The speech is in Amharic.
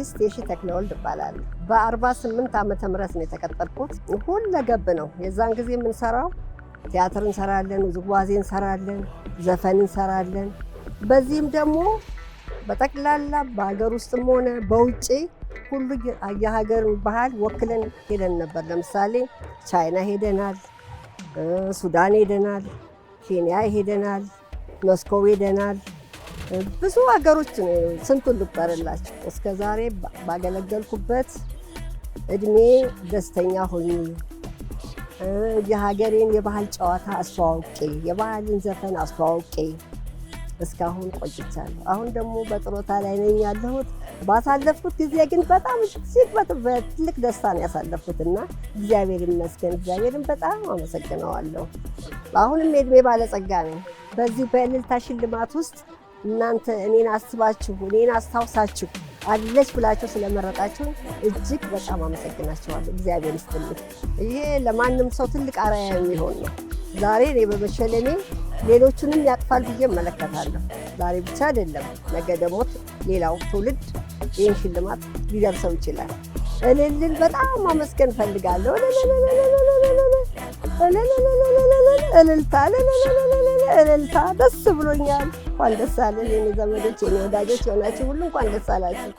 አርቲስት የሺ ተክለወልድ ይባላል በ በ48 ዓመተ ምህረት ነው የተቀጠልኩት። ሁለ ገብ ነው። የዛን ጊዜ የምንሰራው ቲያትር እንሰራለን፣ ውዝዋዜ እንሰራለን፣ ዘፈን እንሰራለን። በዚህም ደግሞ በጠቅላላ በሀገር ውስጥም ሆነ በውጭ ሁሉ የሀገርን ባህል ወክለን ሄደን ነበር። ለምሳሌ ቻይና ሄደናል፣ ሱዳን ሄደናል፣ ኬንያ ሄደናል፣ ሞስኮው ሄደናል ብዙ ሀገሮች ስንቱን ልቁጠርላችሁ። እስከ ዛሬ ባገለገልኩበት እድሜ ደስተኛ ሆኜ የሀገሬን የባህል ጨዋታ አስተዋውቄ የባህልን ዘፈን አስተዋውቄ እስካሁን ቆይቻለሁ። አሁን ደግሞ በጥሮታ ላይ ነኝ ያለሁት። ባሳለፍኩት ጊዜ ግን በጣም ሲበት በትልቅ ደስታ ነው ያሳለፍኩት እና እግዚአብሔር ይመስገን፣ እግዚአብሔርን በጣም አመሰግነዋለሁ። አሁንም የእድሜ ባለጸጋ ነኝ። በዚህ በእልልታ ሽልማት ውስጥ እናንተ እኔን አስባችሁ እኔን አስታውሳችሁ አለች ብላችሁ ስለመረጣችሁ እጅግ በጣም አመሰግናችኋለሁ። እግዚአብሔር ይስጥልኝ። ይሄ ለማንም ሰው ትልቅ አርአያ የሚሆን ነው። ዛሬ እኔ በመሸለኔ ሌሎቹንም ያጥፋል ብዬ እመለከታለሁ። ዛሬ ብቻ አይደለም፣ ነገ ደግሞ ሌላው ትውልድ ይህን ሽልማት ሊደርሰው ይችላል። እልልል በጣም አመስገን ፈልጋለሁ። እልልታ እልልታ ደስ ብሎኛል። እንኳን ደስ አለ የኔ ዘመዶች፣ የኔ ወዳጆች የሆናችሁ ሁሉ እንኳን ደስ አላችሁ።